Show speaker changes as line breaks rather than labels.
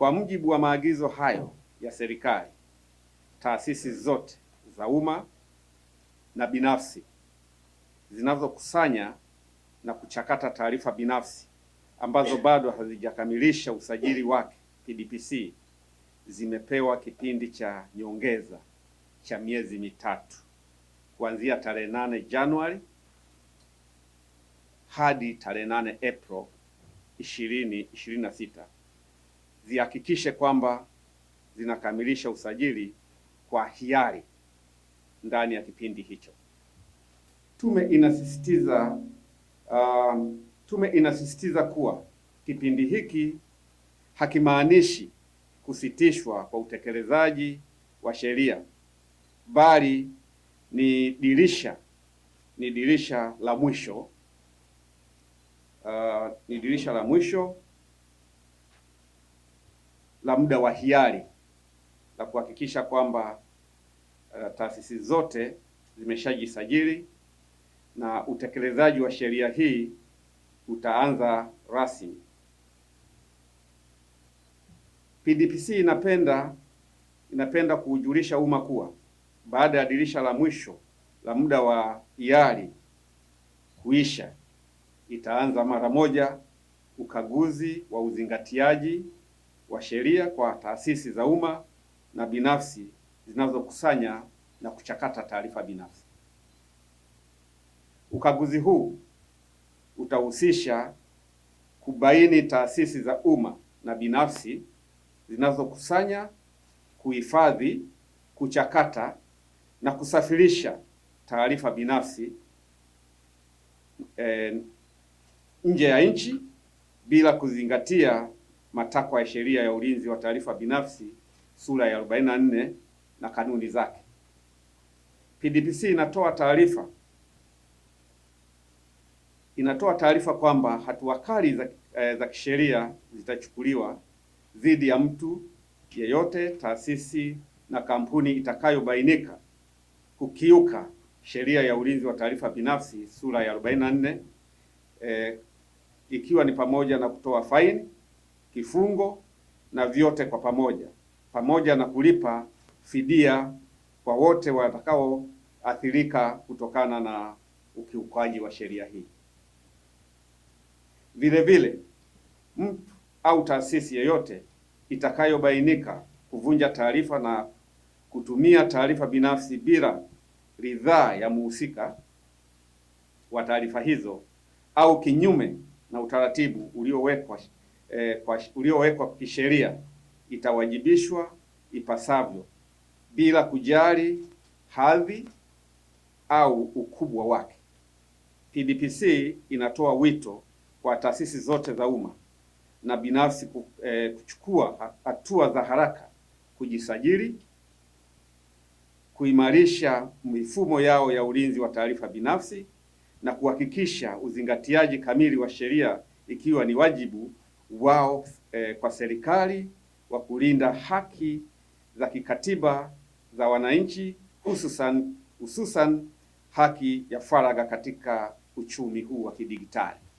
Kwa mujibu wa maagizo hayo ya serikali, taasisi zote za umma na binafsi zinazokusanya na kuchakata taarifa binafsi ambazo bado hazijakamilisha usajili wake PDPC zimepewa kipindi cha nyongeza cha miezi mitatu kuanzia tarehe nane Januari hadi tarehe nane April 2026 zihakikishe kwamba zinakamilisha usajili kwa hiari ndani ya kipindi hicho. Tume inasisitiza um, tume inasisitiza kuwa kipindi hiki hakimaanishi kusitishwa kwa utekelezaji wa sheria, bali ni dirisha ni dirisha la mwisho uh, ni dirisha la mwisho la muda wa hiari la kuhakikisha kwamba uh, taasisi zote zimeshajisajili na utekelezaji wa sheria hii utaanza rasmi. PDPC inapenda inapenda kuujulisha umma kuwa baada ya dirisha la mwisho la muda wa hiari kuisha, itaanza mara moja ukaguzi wa uzingatiaji wa sheria kwa taasisi za umma na binafsi zinazokusanya na kuchakata taarifa binafsi. Ukaguzi huu utahusisha kubaini taasisi za umma na binafsi zinazokusanya, kuhifadhi, kuchakata na kusafirisha taarifa binafsi e, nje ya nchi bila kuzingatia matakwa ya sheria ya ulinzi wa taarifa binafsi sura ya 44 na kanuni zake. PDPC inatoa taarifa inatoa taarifa kwamba hatua kali za, e, za kisheria zitachukuliwa dhidi ya mtu yeyote, taasisi na kampuni itakayobainika kukiuka sheria ya ulinzi wa taarifa binafsi sura ya 44 e, eh, ikiwa ni pamoja na kutoa faini kifungo na vyote kwa pamoja, pamoja na kulipa fidia kwa wote watakaoathirika kutokana na ukiukaji wa sheria hii. Vilevile, mtu au taasisi yoyote itakayobainika kuvunja taarifa na kutumia taarifa binafsi bila ridhaa ya muhusika wa taarifa hizo au kinyume na utaratibu uliowekwa eh, uliowekwa kisheria itawajibishwa ipasavyo bila kujali hadhi au ukubwa wake. PDPC inatoa wito kwa taasisi zote za umma na binafsi eh, kuchukua hatua za haraka kujisajili, kuimarisha mifumo yao ya ulinzi wa taarifa binafsi na kuhakikisha uzingatiaji kamili wa sheria ikiwa ni wajibu wao eh, kwa serikali wa kulinda haki za kikatiba za wananchi hususan hususan haki ya faragha katika uchumi huu wa kidigitali.